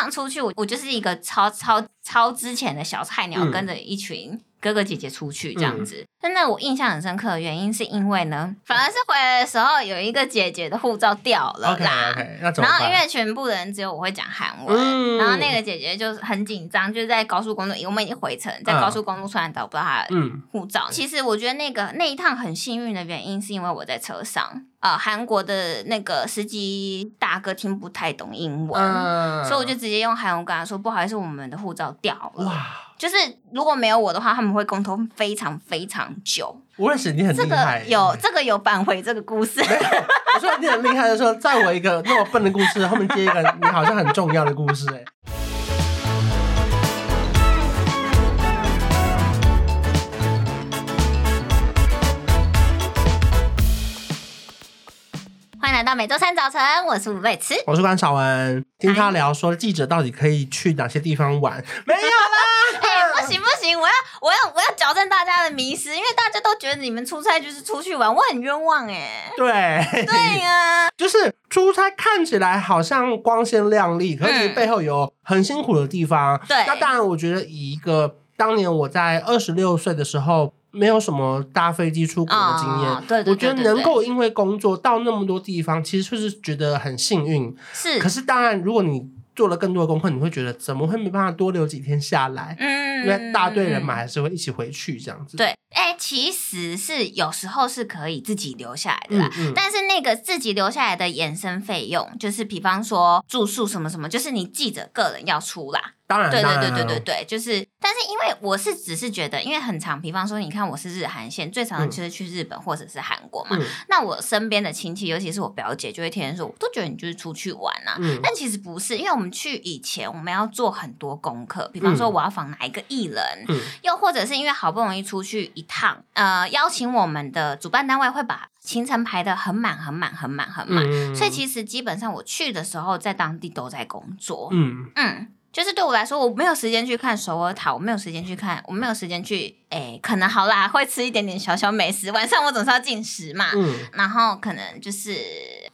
上出去我，我我就是一個超超超之前的小菜鳥，跟着一群、嗯。哥哥姐姐出去這樣子，嗯、但那我印象很深刻的原因是因為呢，反而是回來的時候有一個姐姐的護照掉了啦 okay, okay, 那怎麼辦？然後因為全部的人只有我會講韓文、嗯，然後那個姐姐就是很緊張，就在高速公路，我們已經回程，在高速公路突然找不到她護照、嗯。其實我覺得那個那一趟很幸運的原因，是因為我在車上，呃，韓國的那個司機大哥聽不太懂英文，嗯、所以我就直接用韓文跟他說：“不好意思，我們的護照掉了。”就是如果沒有我的話，他們會溝通非常非常久。我認識你很厲害，有這個有扳回這個故事。 我說你很厲害的時候，在我一個那麼笨的故事後面接一個你好像很重要的故事。哎 ，歡迎來到每周三早晨，我是吳睿慈，我是關韶文。聽他聊說記者到底可以去哪些地方玩？沒有。 我要我要我要矯正大家的迷思，因為大家都覺得你們出差就是出去玩，我很冤枉哎、欸。對， 對啊，就是出差看起來好像光鮮亮麗，可是背後有很辛苦的地方。對、嗯，那當然，我覺得以一個當年我在二十六歲的時候，沒有什麼搭飛機出國的經驗，哦、對，對，對，對，對，對，我覺得能夠因為工作到那麼多地方，其實就是覺得很幸運。是，可是當然，如果你做了更多的功課，你會覺得怎麼會沒辦法多留幾天下來？嗯，因為大隊人馬、嗯、還是會一起回去，這樣子。對。哎、欸，其實是有時候是可以自己留下來的啦，嗯嗯，但是那個自己留下來的衍生費用，就是比方說住宿什麼什麼，就是你記者個人要出啦。當然，對，對對對對對對，就是。但是因為我是只是覺得，因為很常，比方說，你看我是日韓線，最常的就是去日本或者是韓國嘛，嗯。那我身邊的親戚，尤其是我表姐，就會天天說，我都覺得你就是出去玩啊。嗯，但其實不是，因為我們去以前，我們要做很多功課，比方說我要訪哪一個藝人，嗯嗯，又或者是因為好不容易出去。一趟，呃，邀請我們的主辦單位會把行程排得很滿、很滿、很滿、很滿，所以其實基本上我去的時候，在當地都在工作，嗯嗯，就是對我來說，我沒有時間去看首爾塔，我沒有時間去看，我沒有時間去，哎、欸，可能好啦，會吃一點點小小美食，晚上我總是要進食嘛，嗯，然後可能就是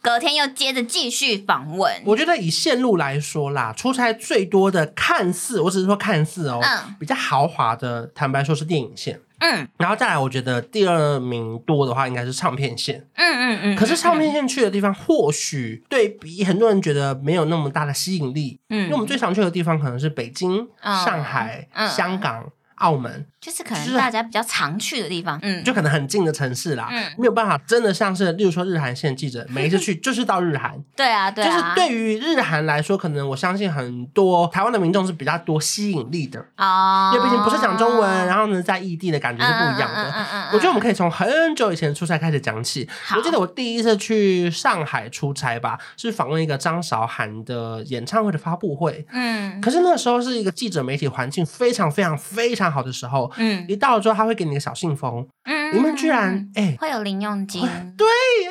隔天又接着繼續訪問。我覺得以線路來說啦，出差最多的，看似我只是說看似哦、喔，嗯，比較豪華的，坦白說是電影線。嗯，然後再來，我覺得第二名多的話，應該是唱片線。嗯嗯嗯。可是唱片線去的地方，或許對比很多人覺得沒有那麼大的吸引力。嗯。因為我們最常去的地方可能是北京、哦、上海、嗯、香港。嗯澳門就是可能大家比較常去的地方，嗯，就可能很近的城市啦，嗯，沒有辦法真的像是，例如說日韓線記者、嗯、每一次去就是到日韓， 對啊，對啊，就是對於日韓來說，可能我相信很多台灣的民眾是比較多吸引力的啊、哦，因為畢竟不是講中文，然後呢，在異地的感覺是不一樣的。嗯、我覺得我們可以從很久以前的出差開始講起。我記得我第一次去上海出差吧，是訪問一個張韶涵的演唱會的發布會，嗯，可是那時候是一個記者媒體環境非常非常非常。好的時候，嗯，一到了之後，他會給你個小信封，嗯，裡面居然哎、欸，會有零用金，對，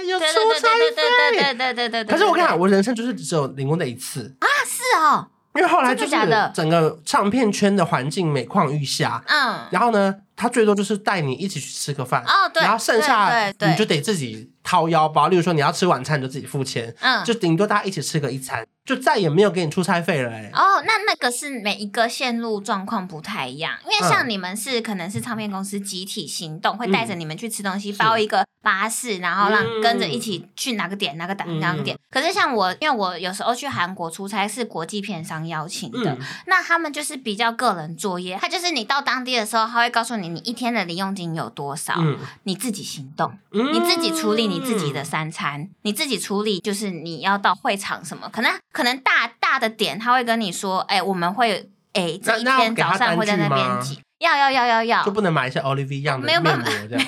有出差費對對對對對，對。可是我跟你講，我人生就是只有領用的一次啊，是哦，因為後來就是整個唱片圈的環境每況愈下，嗯，然後呢，他最多就是帶你一起去吃個飯、哦，然後剩下對，對對對你就得自己，掏腰包，例如說你要吃晚餐，你就自己付錢，嗯，就頂多大家一起吃個一餐，就再也沒有給你出差費了、欸。哦、oh，那那個是每一個線路狀況不太一樣，因為像你們是、嗯、可能是唱片公司集體行動，會帶着你們去吃東西，嗯、包一個巴士，然後讓、嗯、跟着一起去哪個點哪個，哪個點哪個點。可是像我，因為我有時候去韓國出差是國際片商邀請的、嗯，那他們就是比較個人作業，他就是你到當地的時候，他會告訴你你一天的零用金有多少，嗯、你自己行動，嗯、你自己處理你。嗯你自己的三餐，嗯、你自己處理。就是你要到會場什麼，可能可能大大的點，他會跟你說，哎、欸，我們會哎、欸，這一天早上會在那邊擠，要要要要要，就不能買一些 Olive Young 一樣的麵，沒有面膜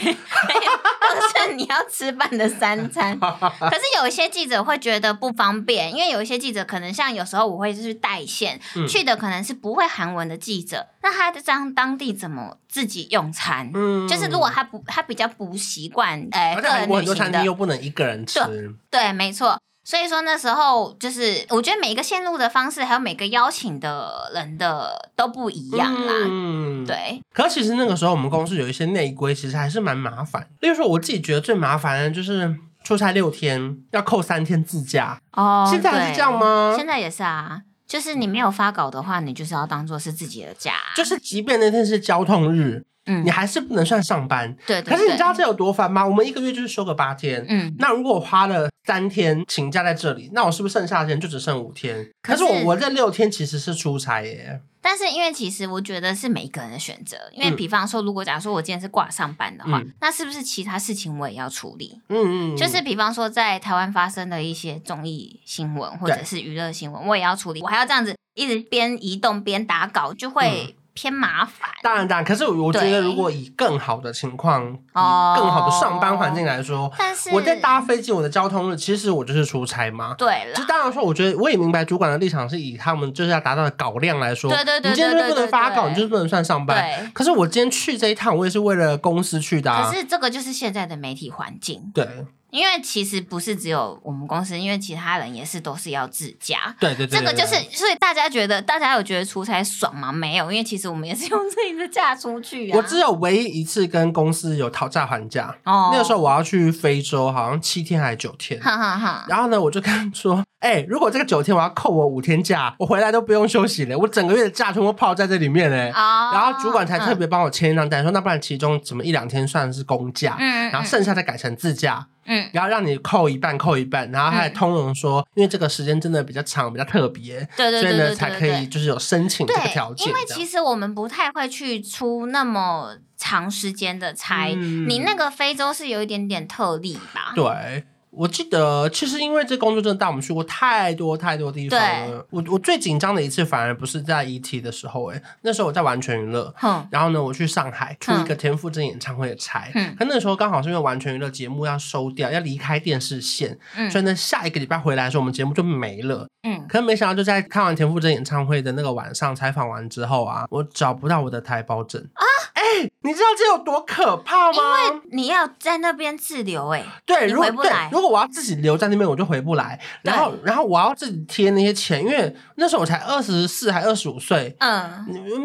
你要吃飯的三餐，可是有一些記者會覺得不方便，因為有一些記者可能像有時候我會去帶線去的，可能是不會韓文的記者，那他在當當地怎麼自己用餐？就是如果他不他比較不習慣、欸嗯啊，哎，個人午餐又不能一個人吃、嗯，對，沒錯。所以說那時候就是，我覺得每一個線路的方式，還有每個邀請的人的都不一樣啦。嗯，對。可其實那個時候我們公司有一些內規，其實還是蠻麻煩。例如說，我自己覺得最麻煩的就是出差六天要扣三天自假。哦、oh，現在還是這樣嗎？現在也是啊，就是你沒有發稿的話，你就是要當做是自己的假。就是即便那天是交通日。嗯、你還是不能算上班，對，對,對,對。可是你知道這有多煩嗎？我們一個月就是休個八天，嗯。那如果我花了三天請假在這裡，那我是不是剩下的天就只剩五天？可是，是我我這六天其實是出差耶。但是因為其實我覺得是每個人的選擇，因為比方說、嗯，如果假如說我今天是掛上班的話、嗯，那是不是其他事情我也要處理？嗯嗯。就是比方說，在台灣發生的一些綜藝新聞或者是娛樂新聞，我也要處理，我還要這樣子一直邊移動邊打稿，就會、嗯。偏麻煩，當然，當然。可是我，我覺得如果以更好的情況、哦，以更好的上班環境來說，但是，我在搭飛機，我的交通日其實我就是出差嘛。對了，就當然說，我覺得我也明白主管的立場，是以他們就是要達到的稿量來說。對對對對，你今天就不能發稿，對對對對，你就不能算上班。可是我今天去這一趟，我也是為了公司去的啊。可是這個就是現在的媒體環境。對。因為其實不是只有我們公司，因為其他人也是都是要自駕。對對對，對，這個就是，所以大家覺得大家有覺得出差爽嗎？沒有，因為其實我們也是用自己的假出去啊。我只有唯一一次跟公司有討價還價。哦、oh.，那個時候我要去非洲，好像七天還是九天。哈哈哈。然後呢，我就跟他說，哎、欸，如果這個九天我要扣我五天假，我回來都不用休息嘞，我整個月的假全部泡在這裡面嘞。啊、oh.。然後主管才特別幫我簽一張單，說那不然其中怎麼一兩天算是公假， 嗯、然後剩下的改成自駕。嗯，然後讓你扣一半扣一半，然後他還通融說、嗯，因為這個時間真的比較長，比較特別，對對對，對，對，對對對，所以呢才可以就是有申請這個條件。因為其實我們不太會去出那麼長時間的差、嗯，你那個非洲是有一點點特例吧？對。我記得，其實因為這工作真的帶我們去過太多太多地方了。我我最緊張的一次反而不是在 ET 的時候，欸，誒那時候我在完全娛樂，嗯，然後呢我去上海出一個田馥甄演唱會的差，可，嗯，那時候剛好是因為完全娛樂節目要收掉，要離開電視線，嗯，所以呢下一個禮拜回來的時候，我們節目就沒了。可是沒想到，就在看完田馥甄演唱會的那個晚上，採訪完之後啊，我找不到我的台胞證啊！哎、欸，你知道這有多可怕嗎？因為你要在那邊滯留、欸，哎，對，回不來如果，對，如果我要自己留在那邊，我就回不來。然後，然後我要自己貼那些錢，因為那時候我才二十四還二十五歲，嗯，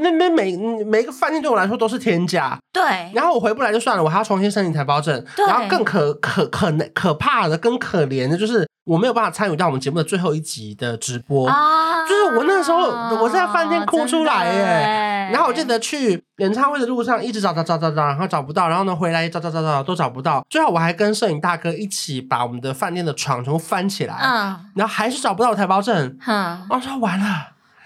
那邊每每一個飯店對我來說都是天價。對。然後我回不來就算了，我還要重新申請台胞證，對。然後更可可可可怕的、更可憐的就是，我沒有辦法參與到我們節目的最後一集的。直播、哦，就是我那時候我在飯店哭出來耶、哦、耶。然後我記得去演唱會的路上一直找找找找找，然後找不到，然後呢，回來找找找找都找不到，最後我還跟攝影大哥一起把我們的飯店的床從翻起來，嗯，然後還是找不到台胞證，哼、嗯。我說完了，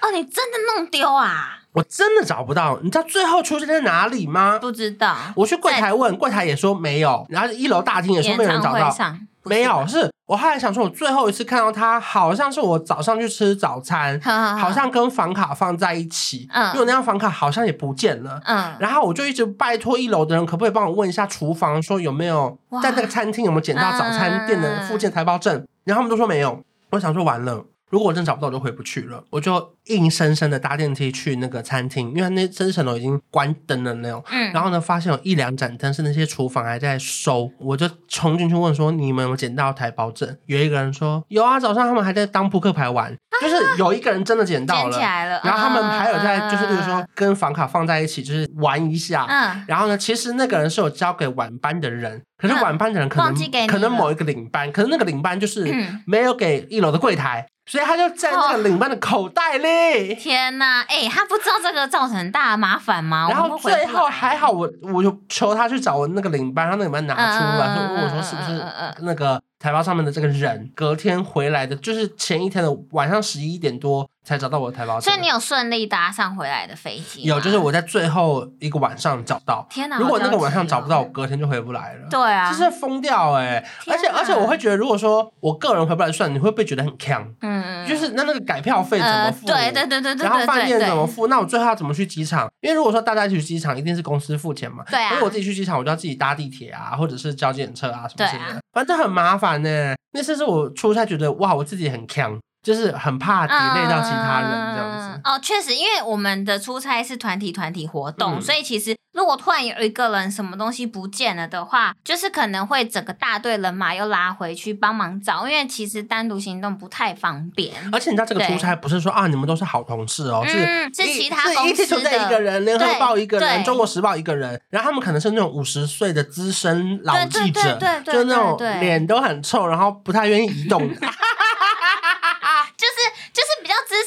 哦，你真的弄丟啊？我真的找不到，你知道最後出現在哪裡嗎？不知道，我去櫃台問櫃檯也說沒有，然後一樓大廳也說沒有人找到，沒有是。我後來想說，我最後一次看到他，好像是我早上去吃早餐，好，好，好，好像跟房卡放在一起，嗯、因為我那張房卡好像也不見了，嗯、然後我就一直拜托一樓的人，可不可以幫我問一下廚房，說有沒有在那個餐廳有沒有撿到早餐、嗯、店附近的附件台胞證？然後他們都說沒有，我想說完了。如果我真找不到，我就回不去了。我就硬生生的搭電梯去那個餐廳，因為那三十樓已經關燈了那種、嗯。然後呢，發現有一兩盞燈是那些廚房還在收。我就衝進去問說：“你們有沒有撿到台胞證？”有一個人說：“有啊，早上他們還在當撲克牌玩，啊、就是有一個人真的撿到了。了然後他們還有在，啊、就是比如說跟房卡放在一起，就是玩一下、嗯。然後呢，其實那個人是有交給晚班的人，可是晚班的人可能、嗯、可能某一個領班，可是那個領班就是沒有給一樓的櫃檯。嗯所以他就在那個領班的口袋裡。天吶，哎，他不知道這個造成很大的麻煩嗎？然後最後還好，我我就求他去找我那個領班，他那個領班拿出了，就問我說是不是那個。台胞上面的這個人，隔天回來的，就是前一天的晚上十一點多才找到我的台胞。所以你有順利搭上回來的飛機？有，就是我在最後一個晚上找到。天哪！哦、如果那個晚上找不到，我隔天就回不來了。對啊，就是瘋掉哎、欸！而且而且，我會覺得，如果說我個人回不來算，你會不會覺得很鏘？嗯，嗯，就是那那個改票費怎麼付？呃、對，對，對，對，對，對對對對對。然後飯店怎麼付？那我最後要怎麼去機場？因為如果說大家去機場一定是公司付錢嘛。對啊。所以我自己去機場，我就要自己搭地鐵啊，或者是叫計程車啊什麼之類的、啊，反正很麻煩。那、欸、那次是我出差，覺得哇，我自己很強，就是很怕得罪到其他人這樣子。嗯、哦，確實，因為我們的出差是團體團體活動、嗯，所以其實。如果突然有一個人什麼東西不見了的話，就是可能會整個大隊人馬又拉回去幫忙找，因為其實單獨行動不太方便。而且你知道這個出差不是說啊，你們都是好同事哦、喔，是、嗯、是其他公司的，一一個人，聯合報一個人，中國時報一個人，然後他們可能是那種五十歲的資深老記者，對對對對對對，就那種臉都很臭，然後不太願意移動的。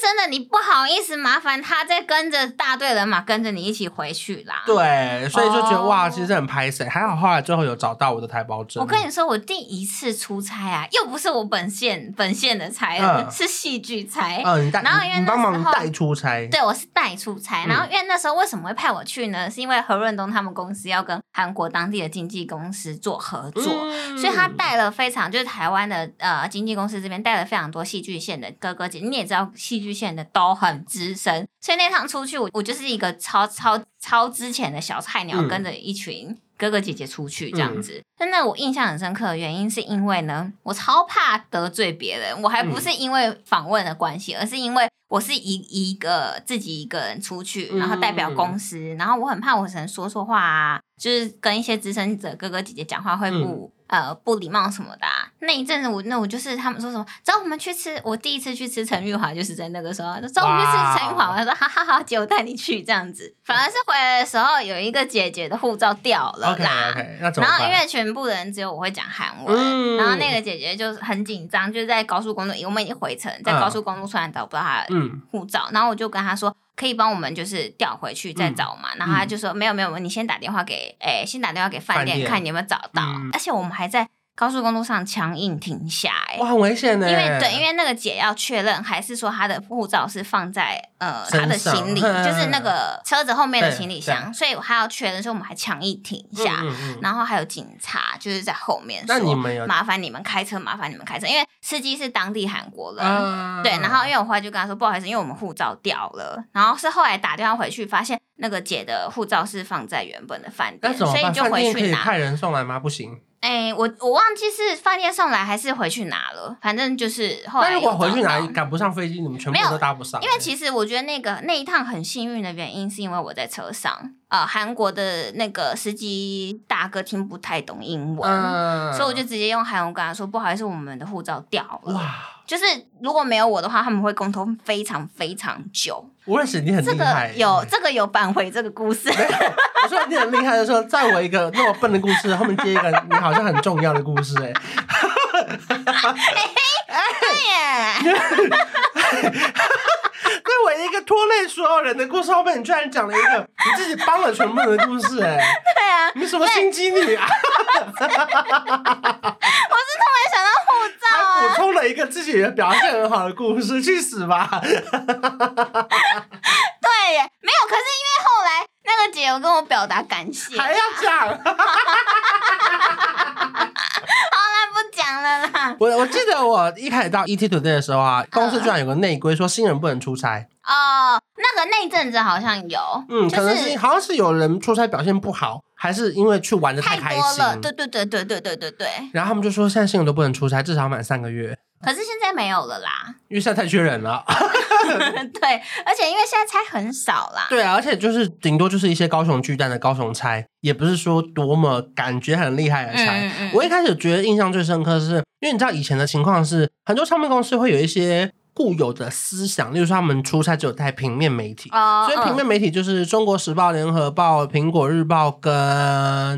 真的，你不好意思麻煩他再跟着大隊人馬跟着你一起回去啦。對，所以就覺得、oh, 哇，其實很拍誰。還好後來最後有找到我的台胞證。我跟你說，我第一次出差啊，又不是我本線本線的差、嗯，是戲劇差。然後因為幫忙帶出差。對，我是帶出差。然後因為那時候為什麼會派我去呢？是因為何潤東他們公司要跟韓國當地的經紀公司做合作，嗯、所以他帶了非常就是台灣的呃經紀公司這邊帶了非常多戲劇線的哥哥姐。你也知道戲劇。顯得都很資深，所以那趟出去我，我我就是一個超超超之前的小菜鳥，跟着一群哥哥姐姐出去這樣子。嗯、但那我印象很深刻的原因，是因為呢，我超怕得罪別人，我還不是因為訪問的關係、嗯，而是因為我是一一個自己一個人出去，然後代表公司，嗯、然後我很怕我可能說錯話啊，就是跟一些資深者哥哥姐姐講話會不。嗯呃，不禮貌什麼的、啊，那一陣子我那我就是他們說什麼，找我們去吃。我第一次去吃陳玉華就是在那個時候，找我們去吃陳玉華，wow. 我說哈哈哈，姐我帶你去這樣子。反而是回來的時候，有一個姐姐的護照掉了啦 okay, okay，然後因為全部的人只有我會講韓文、嗯，然後那個姐姐就是很緊張，就在高速公路，我們已經回程，在高速公路突然找不到她的護照、嗯，然後我就跟她說。可以幫我們就是調回去再找嘛？嗯、然後他就說、嗯、沒有沒有，你先打電話給，誒、哎，先打電話給飯店，飯店看你有沒有找到、嗯，而且我們還在。高速公路上強硬停下、欸，哇，很危險的、欸、因為對，因為那個姐要確認，還是說她的護照是放在呃她的行李呵呵呵，就是那個車子後面的行李箱，所以還要確認。所以說我們還強硬停下嗯嗯嗯，然後還有警察就是在後面說，那你們有麻煩你們開車，麻煩你們開車。因為司機是當地韓國人、嗯，對。然後因為我後來就跟他說，不好意思，因為我們護照掉了。然後是後來打電話回去，發現那個姐的護照是放在原本的飯店，所以你就回去拿。可以派人送來嗎？不行。哎、欸，我我忘記是飯店送來還是回去拿了，反正就是後來。那如果回去拿，趕不上飛機，你們全部都搭不上、欸。因為其實我覺得那個那一趟很幸運的原因，是因為我在車上啊，呃、韓國的那個司機大哥聽不太懂英文，嗯、所以我就直接用韓文跟他說：“不好意思，我們的護照掉了。”哇，就是如果沒有我的話，他們會溝通非常非常久。我認識你很厲害、欸，有這個有扳、這個、回這個故事 沒有。我說你很厲害的時候，在我一個那麼笨的故事後面接一個你好像很重要的故事哎、欸。哎呀！一個拖累所有人的故事後面，你居然講了一個你自己幫了全部人的故事，哎，對呀、啊，你什麼心機女啊？啊啊、 我是突然想到護照，我補充了一個自己表現很好的故事，去死吧 ！ 對，沒有，可是因為後來那個姐有跟我表達感謝，還要講？ 好了，不講了啦。我我記得我一開始到 ET Today 的時候啊，公司居然有個內規，說新人不能出差。哦、呃，那個那陣子好像有，嗯，就是、可能是好像是有人出差表現不好，還是因為去玩的太開心太多了。對對對對對對對對。然後他們就說，現在新人都不能出差，至少滿三個月。可是現在沒有了啦，因為現在太缺人了。 對，而且因為現在差很少啦。對啊，而且就是頂多就是一些高雄巨蛋的高雄差，也不是說多麼感覺很厲害的差。嗯嗯嗯。我一開始覺得印象最深刻是，是因為你知道以前的情況是，很多唱片公司會有一些。固有的思想，例如說他們出差只有帶平面媒體，uh, 所以平面媒體就是《中國時報》、《聯合報》、《蘋果日報》跟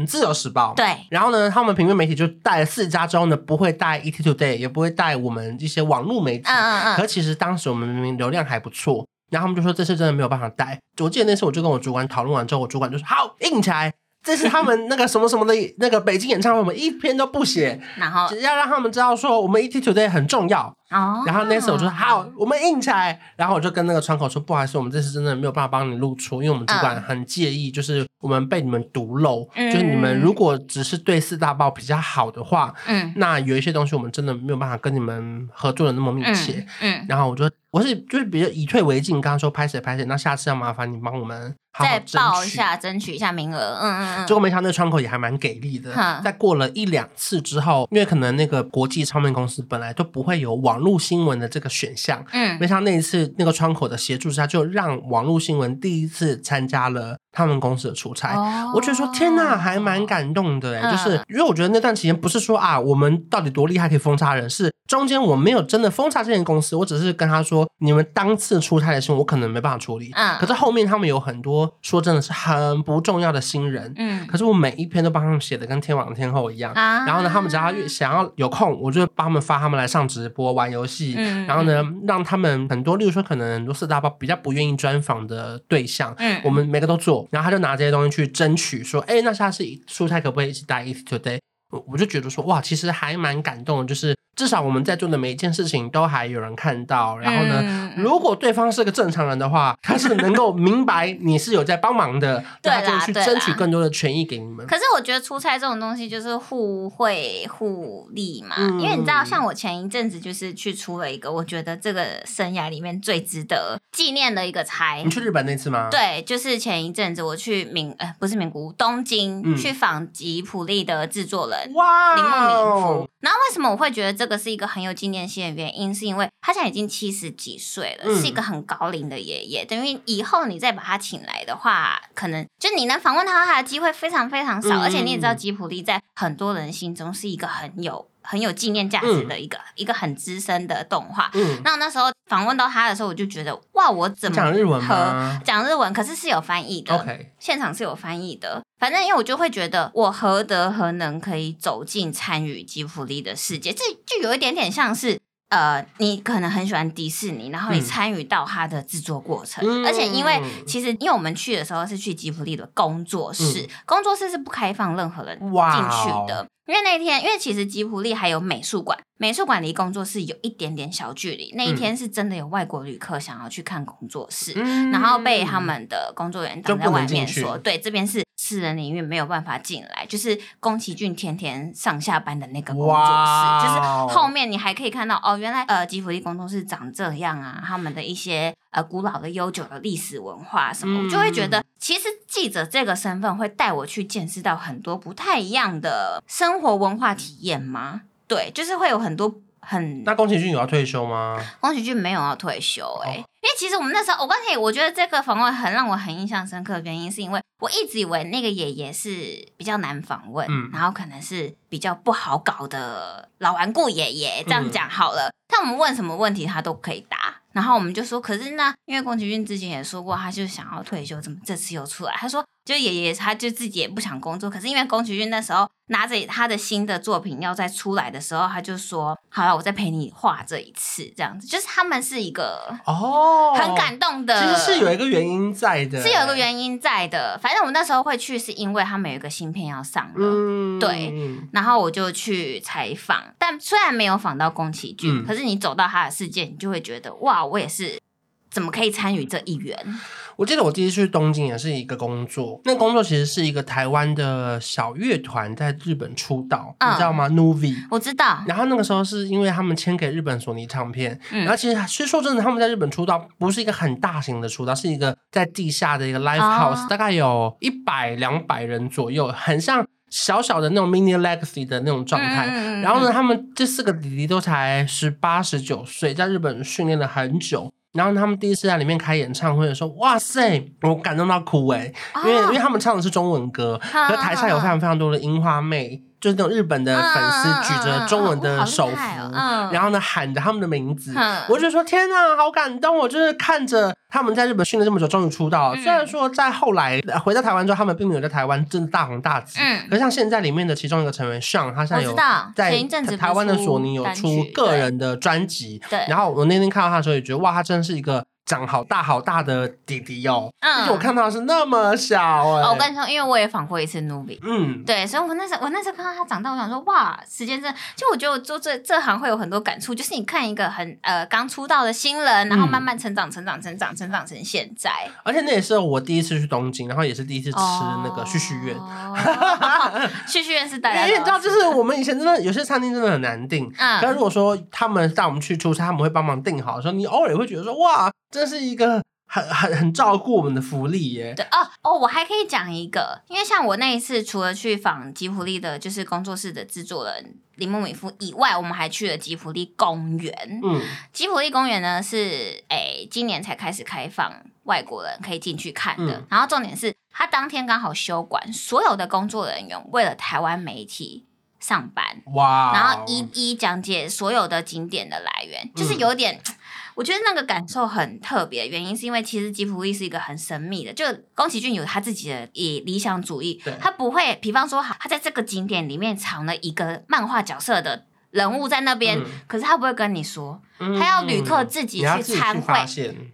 《自由時報》。對，然後呢，他們平面媒體就帶了四家之後呢，不會帶《ETtoday》，也不會帶我們一些網絡媒體。Uh, uh, 可其實當時我們明明流量還不錯，然後他們就說這次真的沒有辦法帶。我記得那次我就跟我主管討論完之後，我主管就說：“好，硬拆。這是他們那個什麼什麼的， 那個北京演唱會，我們一篇都不寫，然後只要讓他們知道說我們 ET Today 很重要。哦、然後那時候我就說好，好，我們硬起來。然後我就跟那個窗口說，不好意思，我們這次真的沒有辦法幫你露出，因為我們主管很介意，就是我們被你們獨漏、嗯。就是你們如果只是對四大報比較好的話，嗯，那有一些東西我們真的沒有辦法跟你們合作的那麼密切。嗯，嗯然後我就我是就是比較以退為進，剛剛說拍誰拍誰，那下次要麻煩你幫我們。好好再報一下，爭取一下名額，嗯嗯嗯。結果沒想到那窗口也還蠻給力的，在過了一兩次之後，因為可能那個國際唱片公司本來就不會有網絡新聞的這個選項，嗯，沒想到那一次那個窗口的協助之下，就讓網絡新聞第一次參加了他們公司的出差。哦、我覺得說天哪，還蠻感動的、欸嗯，就是因為我覺得那段時間不是說啊，我們到底多厲害可以封殺人，是中間我沒有真的封殺這間公司，我只是跟他說，你們當次出差的時候，我可能沒辦法處理，嗯，可是後面他們有很多。說真的是很不重要的新人，嗯，可是我每一篇都幫他們寫得跟天王天后一樣，啊，然後呢，他們只要想要有空，我就幫他們發他們來上直播玩遊戲，嗯，然後呢，讓他們很多，例如說可能很多四大包比較不願意專訪的對象，嗯，我們每個都做，然後他就拿這些東西去爭取說，說、嗯，誒，那下次出差可不可以一起帶 ETtoday？我就覺得說哇，其實還蠻感動的，就是至少我們在做的每一件事情都還有人看到。然後呢、嗯，如果對方是個正常人的話，他是能夠明白你是有在幫忙的，對， 就去爭取更多的權益給你們。可是我覺得出差這種東西就是互惠互利嘛、嗯，因為你知道，像我前一陣子就是去出了一個，我覺得這個生涯裡面最值得紀念的一個差。你去日本那次嗎？對，就是前一陣子我去名，呃不是名古屋，東京去訪吉普利的制作人。嗯哇，哦。然後為什麼我會覺得這個是一個很有紀念性的原因？是因為他現在已經七十幾歲了、嗯，是一個很高齡的爺爺。等於以後你再把他請來的話，可能就你能訪問到他的機會非常非常少。嗯、而且你也知道，《吉普力》在很多人心中是一個很有很有紀念價值的一個、嗯、一個很資深的動畫、嗯。那我那時候。訪問到他的時候，我就覺得哇，我怎麼講日文嗎？講日文，可是是有翻譯的，OK，現場是有翻譯的。反正因為我就會覺得我何德何能可以走進參與吉卜力的世界，這就有一點點像是呃，你可能很喜歡迪士尼，然後你參與到它的制作過程、嗯，而且因為其實因為我們去的時候是去吉卜力的工作室、嗯，工作室是不開放任何人進去的。Wow 因為那一天，因為其實吉普力還有美術館，美術館離工作室有一點點小距離。那一天是真的有外國旅客想要去看工作室，嗯、然後被他們的工作人員擋在外面說：“對，這邊是私人領域，沒有辦法進來。”就是宮崎駿天天上下班的那個工作室，Wow、就是後面你還可以看到哦，原來呃吉普力工作室長這樣啊，他們的一些。呃，古老的、悠久的歷史文化什麼，我就會覺得，其實記者這個身份會帶我去見識到很多不太一樣的生活文化體驗嗎？對，就是會有很多很……那宮崎駿有要退休嗎？宮崎駿沒有要退休、欸，誒、哦，因為其實我們那時候，我剛才我覺得這個訪問很讓我很印象深刻的原因是因為我一直以為那個爺爺是比較難訪問、嗯，然後可能是比較不好搞的老頑固爺爺，這樣講好了、嗯，但我們問什麼問題他都可以答。然後我們就說，可是呢，因為宮崎駿之前也說過，他就想要退休，怎麼這次又出來？他說。就爺爺，他就自己也不想工作，可是因為宮崎駿那時候拿着他的新的作品要再出來的時候，他就說：“好了、啊，我再陪你畫這一次。”這樣子，就是他們是一個哦，很感動的、哦。其實是有一個原因在的，是有一個原因在的。反正我們那時候會去，是因為他們有一個新片要上了、嗯，對。然後我就去採訪，但雖然沒有訪到宮崎駿、嗯，可是你走到他的世界，你就會覺得哇，我也是。怎麼可以參與這一員？我記得我第一次去東京也是一個工作，那工作其實是一個台灣的小樂團在日本出道，嗯、你知道嗎？Novi，我知道。然後那個時候是因為他們簽給日本索尼唱片，嗯、然後其實，其實說真的，他們在日本出道不是一個很大型的出道，是一個在地下的一個 live house、哦、大概有一百兩百人左右，很像小小的那種 mini legacy 的那種狀態。嗯、然後呢，他們這四個弟弟都才十八十九歲，在日本訓練了很久。然後他們第一次在裡面開演唱會的時候，說哇塞，我感動到哭誒，oh. 因為因為他們唱的是中文歌，和、oh. 台下有非常、oh. 非常多的櫻花妹。就是那種日本的粉絲舉着中文的手幅、嗯嗯嗯嗯哦嗯，然後呢喊着他們的名字，嗯、我就說天吶，好感動！我就是看着他們在日本訓練這麼久，終於出道、嗯。雖然說在後來回到台灣之後，他們並沒有在台灣真的大紅大紫。嗯，可是像現在裡面的其中一個成員 Sean 他現在有在台灣的索尼有出個人的專輯。對，然後我那天看到他的時候，也覺得哇，他真的是一個。長好大好大的弟弟哦、喔嗯，而且我看到是那麼小、欸。哦，我跟你說，因為我也訪過一次努比。嗯，對，所以我那時候我那時候看到他長大，我想說哇，時間真的……就我覺得做這這行會有很多感觸，就是你看一個很呃剛出道的新人，然後慢慢成長、成長、成長、成長成現在。而且那也是我第一次去東京，然後也是第一次吃那個敘敘苑。敘、哦、敘 苑是大家因知道，就是我們以前真的有些餐廳真的很難訂。嗯，但如果說他們帶我們去出差，他們會幫忙訂好的時候。說你偶爾也會覺得說哇。這是一個很很很照顧我們的福利耶！對啊、哦，哦，我還可以講一個，因為像我那一次，除了去訪吉普力的，就是工作室的制作人鈴木敏夫以外，我們還去了吉普利公園。嗯，吉普利公園呢是誒今年才開始開放外國人可以進去看的。嗯、然後重點是他當天剛好休館，所有的工作人員為了台灣媒體上班，哇、wow！然後一一講解所有的景點的來源，就是有點。嗯我覺得那個感受很特別，原因是因為其實吉卜力是一個很神秘的，就宮崎駿有他自己的以理想主義，他不會，比方說，哈，他在這個景點裡面藏了一個漫畫角色的人物在那邊，嗯、可是他不會跟你說，嗯、他要旅客自己去參會，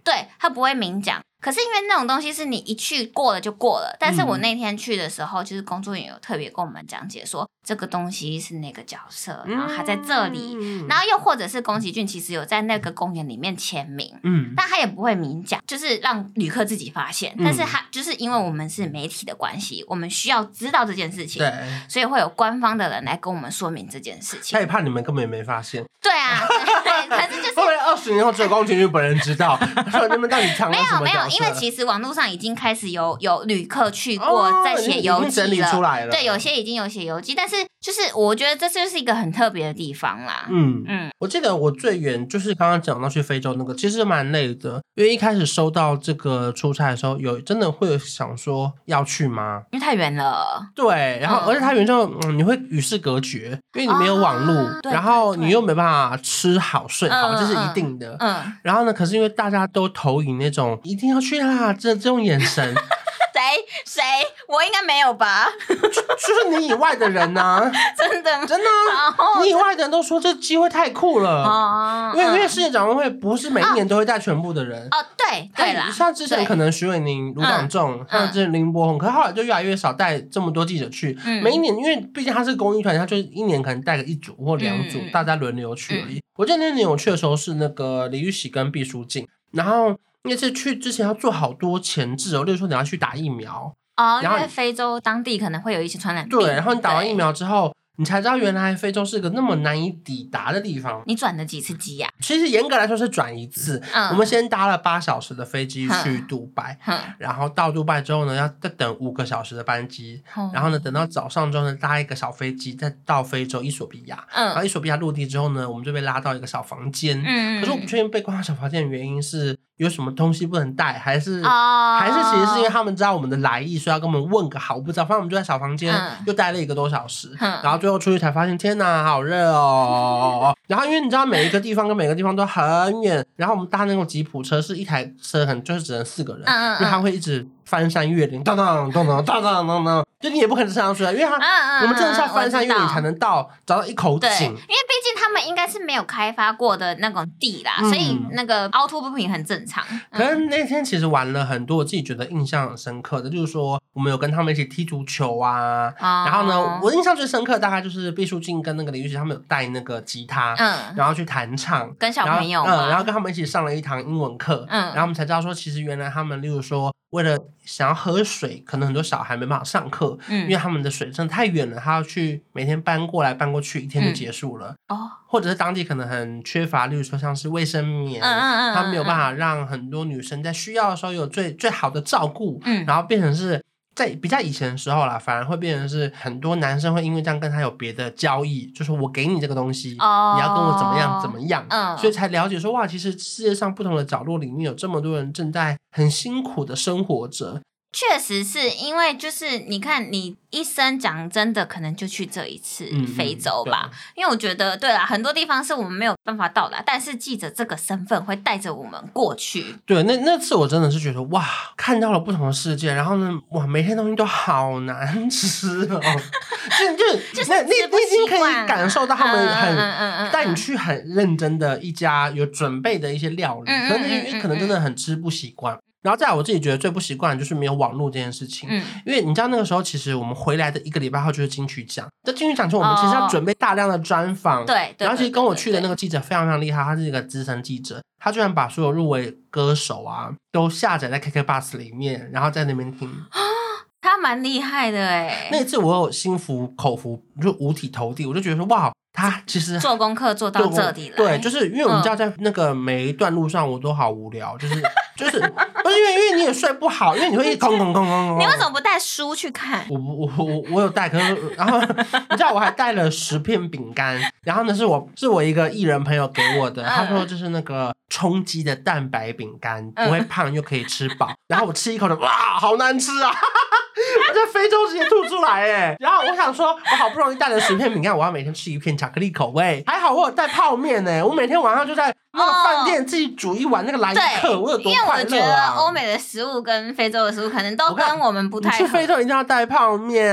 對他不會明講。可是因為那種東西是你一去過了就過了，但是我那天去的時候，嗯、就是工作人員有特別跟我們講解說這個東西是那個角色，然後還在這裡，嗯、然後又或者是宮崎駿其實有在那個公園裡面簽名，嗯，但他也不會明講，就是讓旅客自己發現。嗯、但是他就是因為我們是媒體的關係，我們需要知道這件事情，對、嗯，所以會有官方的人來跟我們說明這件事情。他也怕你們根本也沒發現。對啊，對，反正 就是。 十年後只有宮崎駿本人知道，他說你們到底唱。 沒有沒有，因為其實網絡上已經開始有有旅客去過，哦、在寫遊記了。對，有些已經有寫遊記，但是就是我覺得這就是一個很特別的地方啦。嗯嗯，我記得我最遠就是剛剛講到去非洲那個，其實蠻累的，因為一開始收到這個出差的時候，有真的會有想說要去嗎？因為太遠了。對，然後而且太遠之後，嗯，嗯你會與世隔絕，因為你沒有網絡、啊，然後你又沒辦法吃好睡好，這、嗯就是一定。嗯，嗯，然後呢，可是因為大家都投影那種一定要去啦，這這種眼神。 誰？我應該沒有吧？ 就是你以外的人呢、啊？ 真的？真的、啊？你以外的人都說這機會太酷了，嗯、因為、嗯、因為世界展望會不是每一年都會帶全部的人哦、嗯嗯。對，對了，像之前可能徐偉寧、盧廣仲，像、嗯、之前林柏宏，可後來就越來越少帶這麼多記者去。嗯、每一年，因為畢竟他是公益團，他就一年可能帶個一組或兩組，嗯、大家輪流去而已。嗯、我記得那年我去的時候是那個李玉璽跟畢書盡，然後。因為是去之前要做好多前置哦，例如說你要去打疫苗哦，oh, 然後在非洲當地可能會有一些傳染病。對，然後你打完疫苗之後，你才知道原來非洲是個那麼難以抵達的地方。你轉了幾次機呀、啊？其實嚴格來說是轉一次。嗯、我們先搭了八小時的飛機去杜拜，然後到杜拜之後呢，要再等五個小時的班機，嗯、然後呢等到早上之後呢，搭一個小飛機再到非洲伊索比亞。嗯，然後伊索比亞落地之後呢，我們就被拉到一個小房間。嗯，可是我不確定被關到小房間的原因是。有什麼東西不能帶？還是、哦、還是其實是因為他們知道我們的來意，所以要跟我們問個好。我不知道，反正我們就在小房間、嗯、又待了一個多小時、嗯，然後最後出去才發現，天哪，好熱哦！嗯、然後因為你知道，每一個地方跟每個地方都很遠，然後我們搭那種吉普車是一台車很，很就是只能四個人，嗯嗯、因為他會一直翻山越嶺，當當當當當當當當，就你也不可能上山出來，因為他，我、嗯嗯、們真的是要翻山越嶺才能到、嗯、找到一口井，他們應該是沒有開發過的那種地啦，嗯、所以那個凹凸不平很正常。可是那天其實玩了很多，我自己覺得印象很深刻的，就是說我們有跟他們一起踢足球啊。哦、然後呢，我印象最深刻大概就是畢書盡跟那個李玉璽他們有帶那個吉他，嗯，然後去彈唱跟小朋友，嗯，然後跟他們一起上了一堂英文課，嗯，然後我們才知道說，其實原來他們，例如說為了想要喝水，可能很多小孩沒辦法上課，嗯，因為他們的水真的太遠了，他要去每天搬過來搬過去，一天就結束了，嗯、哦。或者是當地可能很缺乏，例如說像是衛生棉，它，他沒有辦法讓很多女生在需要的時候有最最好的照顧，嗯，然後變成是在比較以前的時候啦，反而會變成是很多男生會因為這樣跟他有別的交易，就是我給你這個東西，哦，你要跟我怎麼樣怎麼樣，嗯，所以才了解說哇，其實世界上不同的角落裡面有這麼多人正在很辛苦的生活着。確實是因為就是你看，你一生講真的，可能就去這一次非洲吧，嗯嗯。因為我覺得，對啦，很多地方是我們沒有辦法到達，但是記者這個身份會帶着我們過去。對，那那次我真的是覺得哇，看到了不同的世界。然後呢，哇，每天東西都好難吃哦， 就就，就是你你已經可以感受到他們很、嗯嗯嗯嗯嗯、帶你去很認真的一家有準備的一些料理，嗯嗯嗯嗯嗯，可能你可能真的很吃不習慣。然後再來，我自己覺得最不習慣的就是沒有網絡這件事情。嗯，因為你知道那個時候，其實我們回來的一個禮拜後就是金曲獎。嗯、在金曲獎前，我們其實要、哦、準備大量的專訪。對。對，然後，其實跟我去的那個記者非常非常厲害，他是一個資深記者，他居然把所有入圍歌手啊都下載在 KKBOX 裡面，然後在那邊聽。啊、哦，他蠻厲害的誒。那一次我有心服口服，就五體投地，我就覺得說哇，他其實做功課做到這裡了。對，就是因為我們知道在那個每一段路上，我都好無聊，哦、就是。 就是，不是因為，因為你也睡不好，因為你會一空空空空空。你為什麼不帶書去看？我我我我有帶，可是然後你知道我還帶了十片餅乾，然後呢是我是我一個藝人朋友給我的，他說就是那個充飢的蛋白餅乾，不會胖又可以吃飽。然後我吃一口的，哇，好難吃啊！ 我在非洲直接吐出來哎、欸。然後我想說，我好不容易帶了十片餅乾，我要每天吃一片巧克力口味。還好我有帶泡麵哎，我每天晚上就在。那個飯店自己煮一碗那個藍、哦，克，我有多因為我覺得歐美的食物跟非洲的食物可能都跟我們不太。去非洲一定要帶泡麵。 對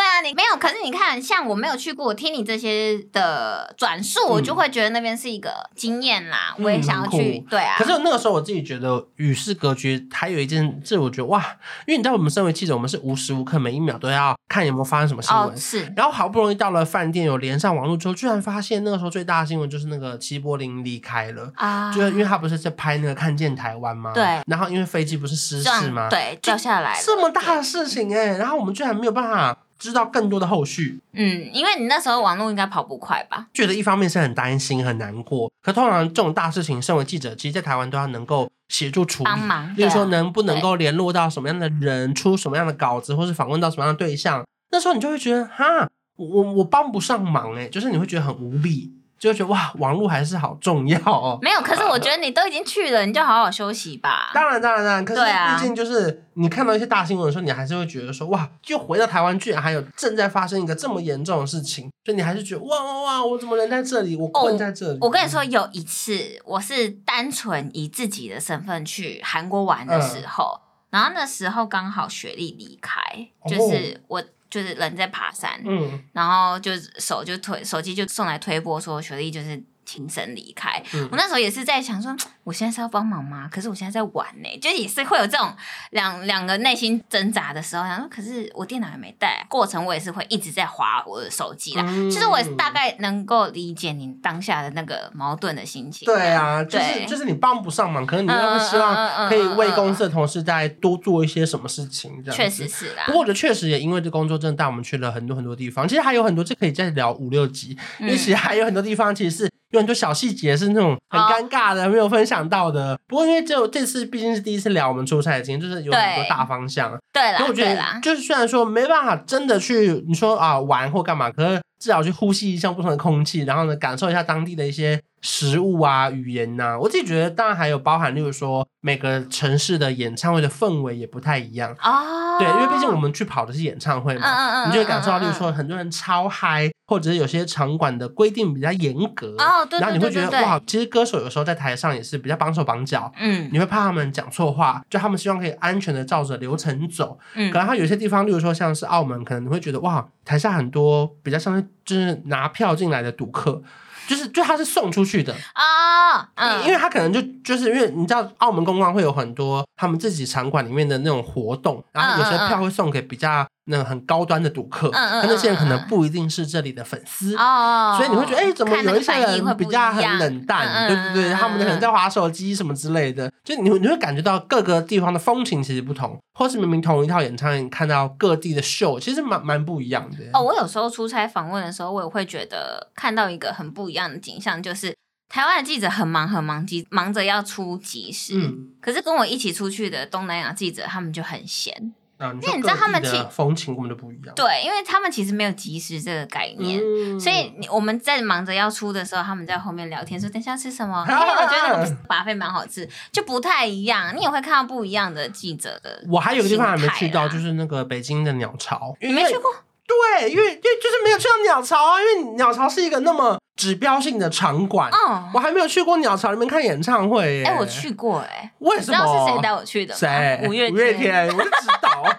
啊，你沒有，可是你看，像我沒有去過，我聽你這些的轉述，我就會覺得那邊是一個經驗啦。我也想要去、嗯，對啊。可是那個時候我自己覺得與世隔絕，還有一件事，這我覺得哇，因為你知道，我們身為記者，我們是無時無刻每一秒都要看有沒有發生什麼新聞、哦。是。然後好不容易到了飯店，有連上網絡之後，居然發現那個時候最大的新聞就是那個齊柏林。離開了啊，就是因為他不是在拍那個《看見台灣》嗎？對。然後因為飛機不是失事嗎？對，掉下來了。這麼大的事情哎、欸，然後我們居然沒有辦法知道更多的後續。嗯，因為你那時候網絡應該跑不快吧？覺得一方面是很擔心很難過，可通常這種大事情，身為記者，其實在台灣都要能夠協助處理，比如說能不能夠聯絡到什麼樣的人，出什麼樣的稿子，或是訪問到什麼樣的對象。那時候你就會覺得哈，我我幫不上忙哎、欸，就是你會覺得很無力。就覺得哇，網絡還是好重要哦、喔。沒有，可是我覺得你都已經去了，嗯、你就好好休息吧。當然，當然，當然。對啊。畢竟就是你看到一些大新聞的時候、啊，你還是會覺得說哇，就回到台灣去，居然還有正在發生一個這麼嚴重的事情，所以你還是覺得哇哇，哇，我怎麼能，在這裡，我困在這裡。哦、我跟你說，有一次我是單純以自己的身份去韓國玩的時候，嗯、然後那時候剛好雪莉離開，就是我。哦就是人在爬山，嗯、然後就手就推手機就送來推播說雪莉就是。情神離開。我那時候也是在想說，我現在是要幫忙嗎？可是我現在在玩呢、欸，就也是會有這種兩兩個內心掙扎的時候。然後，可是我電腦也沒帶、啊，過程我也是會一直在滑我的手機啦。其、嗯、實、就是、我也是大概能夠理解你當下的那個矛盾的心情。對啊，對就是就是你幫不上忙，可能你又不希望可以為公司的同事再多做一些什麼事情，這樣確實是啦。不過我覺得確實也因為這工作真的帶我們去了很多很多地方，其實還有很多就可以再聊五六集，因為其實還有很多地方其實是。有很多小細節是那種很尷尬的，oh. 沒有分享到的。不過因為只有這次畢竟是第一次聊我們出差的經驗，就是有很多大方向。對，對啦，我覺得就是雖然說沒辦法真的去你說啊玩或幹嘛，可是至少去呼吸一下不同的空氣，然後呢感受一下當地的一些食物啊、語言吶、啊。我自己覺得，當然還有包含，例如說每個城市的演唱會的氛圍也不太一樣、oh. 對，因為畢竟我們去跑的是演唱會嘛，uh, uh, uh, uh. 你就會感受到，例如說很多人超嗨，或者是有些場館的規定比較嚴格、oh, 對對對對對對，然後你會覺得哇，其實歌手有時候在台上也是比較綁手綁腳，嗯，你會怕他們講錯話，就他們希望可以安全的照着流程走。嗯、可能他有些地方，例如說像是澳門，可能你會覺得哇，台下很多比較像是就是拿票進來的賭客，就是就他是送出去的啊，oh, uh, 因為他可能就就是因為你知道澳門公關會有很多他們自己場館裡面的那種活動，然後有些票會送給比較那個、很高端的賭客，嗯嗯嗯嗯他那那現在可能不一定是這裡的粉絲、嗯嗯嗯，所以你會覺得，哎、欸，怎麼有一些人比較很冷淡不嗯嗯嗯？對對對，他們可能在滑手機什麼之類的，嗯嗯嗯就你你會感覺到各個地方的風情其實不同，或是明明同一套演唱會，看到各地的秀，其實蠻蠻不一樣的。哦，我有時候出差訪問的時候，我也會覺得看到一個很不一樣的景象，就是台灣的記者很忙很忙，急忙着要出即時。嗯，可是跟我一起出去的東南亞記者他們就很閒。那、啊、因為你知道他們情風情我們就不一樣，對，因為他們其實沒有即時這個概念。嗯，所以我們在忙着要出的時候，他們在後面聊天說等一下吃什麼，因為我覺得我們 buffet 蠻好吃，就不太一樣。你也會看到不一樣的記者的心態。我還有一個地方還沒去到，就是那個北京的鳥巢，你沒去過？對，因為因為就是沒有去到鳥巢啊，因為鳥巢是一個那麼指標性的場館，哦、oh. 我還沒有去過鳥巢裡面看演唱會。哎，我去過哎、欸，為什麼？我知道是誰帶我去的？誰？五月五月天，我就知道。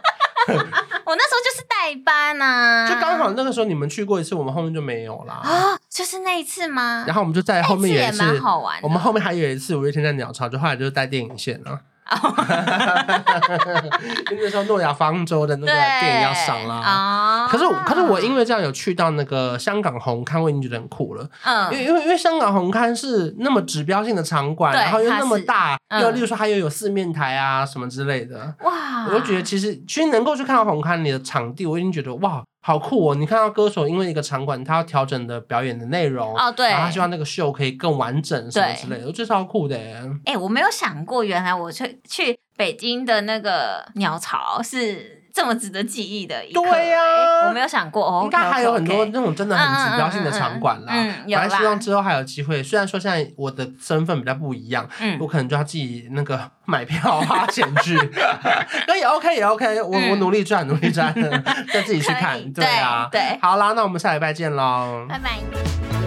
我那時候就是代班啊，就剛好那個時候你們去過一次，我們後面就沒有啦。啊、oh,，就是那一次嗎？然後我們就在後面也蠻好玩的。我們後面還有一次五月天在鳥巢，就後來就是帶電影線了。哈哈哈哈哈！因為說諾亞方舟的那個電影要上了啊，可是可是我因為這樣有去到那個香港紅磡，我已經覺得很酷了。嗯，因為因為因為香港紅磡是那麼指標性的場館，然後又那麼大，又例如說還有有四面台啊什麼之類的。哇！我就覺得其實其實能夠去看到紅磡裡的場地，我已經覺得哇。好酷哦！你看到歌手因為一個場館，他要調整的表演的內容哦，對，然後他希望那個秀可以更完整什麼之類的，我覺得超酷的。哎、欸，我沒有想過，原來我去去北京的那個鳥巢是。這麼值得記憶的一刻，欸，對呀，啊，我沒有想過哦。OK，應該還有很多那種真的很指標性的場館啦。我還希望之後還有機會。雖然說現在我的身份比較不一樣，嗯，我可能就要自己那個買票花錢去。 可以，OK，也 OK, okay，嗯。我我努力賺，努力賺， 再自己去看。對啊，對。對好啦，那我們下禮拜見嘍。拜拜。